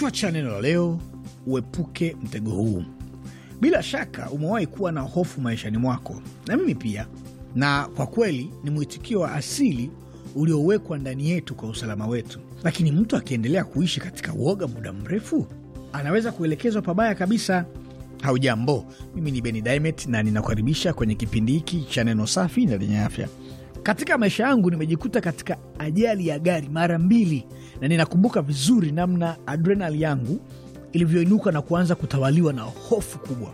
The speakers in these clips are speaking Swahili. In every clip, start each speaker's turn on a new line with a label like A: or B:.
A: Kichwa cha neno la leo: uepuke mtego huu. Bila shaka umewahi kuwa na hofu maishani mwako, na mimi pia, na kwa kweli ni mwitikio wa asili uliowekwa ndani yetu kwa usalama wetu. Lakini mtu akiendelea kuishi katika uoga muda mrefu, anaweza kuelekezwa pabaya kabisa. Haujambo, mimi ni Beni Dimet na ninakukaribisha kwenye kipindi hiki cha neno safi na lenye afya. Katika maisha yangu nimejikuta katika ajali ya gari mara mbili, na ninakumbuka vizuri namna adrenal yangu ilivyoinuka na kuanza kutawaliwa na hofu kubwa.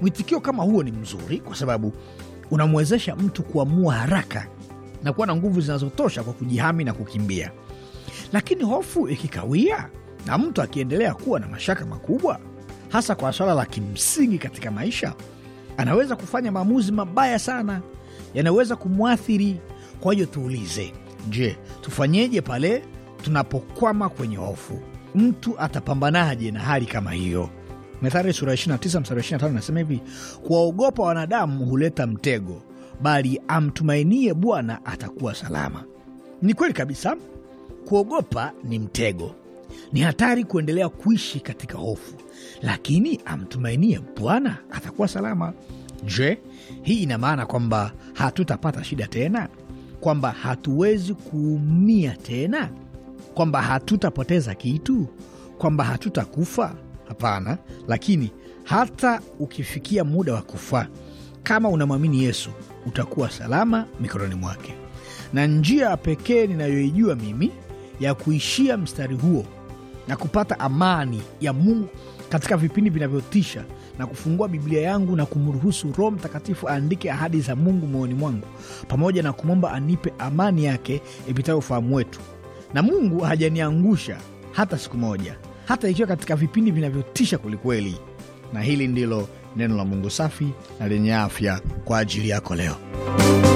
A: Mwitikio kama huo ni mzuri kwa sababu unamwezesha mtu kuamua haraka na kuwa na nguvu zinazotosha kwa kujihami na kukimbia. Lakini hofu ikikawia na mtu akiendelea kuwa na mashaka makubwa, hasa kwa swala la kimsingi katika maisha, anaweza kufanya maamuzi mabaya sana yanaweza kumwathiri. Kwa hiyo tuulize, je, tufanyeje pale tunapokwama kwenye hofu? Mtu atapambanaje na hali kama hiyo? Methali sura 29 mstari 25 nasema hivi, kuwaogopa wanadamu huleta mtego, bali amtumainie Bwana atakuwa salama. Ni kweli kabisa, kuogopa ni mtego. Ni hatari kuendelea kuishi katika hofu, lakini amtumainie Bwana atakuwa salama. Je, hii ina maana kwamba hatutapata shida tena? Kwamba hatuwezi kuumia tena? Kwamba hatutapoteza kitu? Kwamba hatutakufa? Hapana. Lakini hata ukifikia muda wa kufa, kama unamwamini Yesu utakuwa salama mikononi mwake. Na njia pekee ninayoijua mimi ya kuishia mstari huo na kupata amani ya Mungu katika vipindi vinavyotisha na kufungua Biblia yangu na kumruhusu Roho Mtakatifu aandike ahadi za Mungu moyoni mwangu, pamoja na kumwomba anipe amani yake ipitayo ufahamu wetu. Na Mungu hajaniangusha hata siku moja, hata ikiwa katika vipindi vinavyotisha kwelikweli. Na hili ndilo neno la Mungu safi na lenye afya kwa ajili yako leo.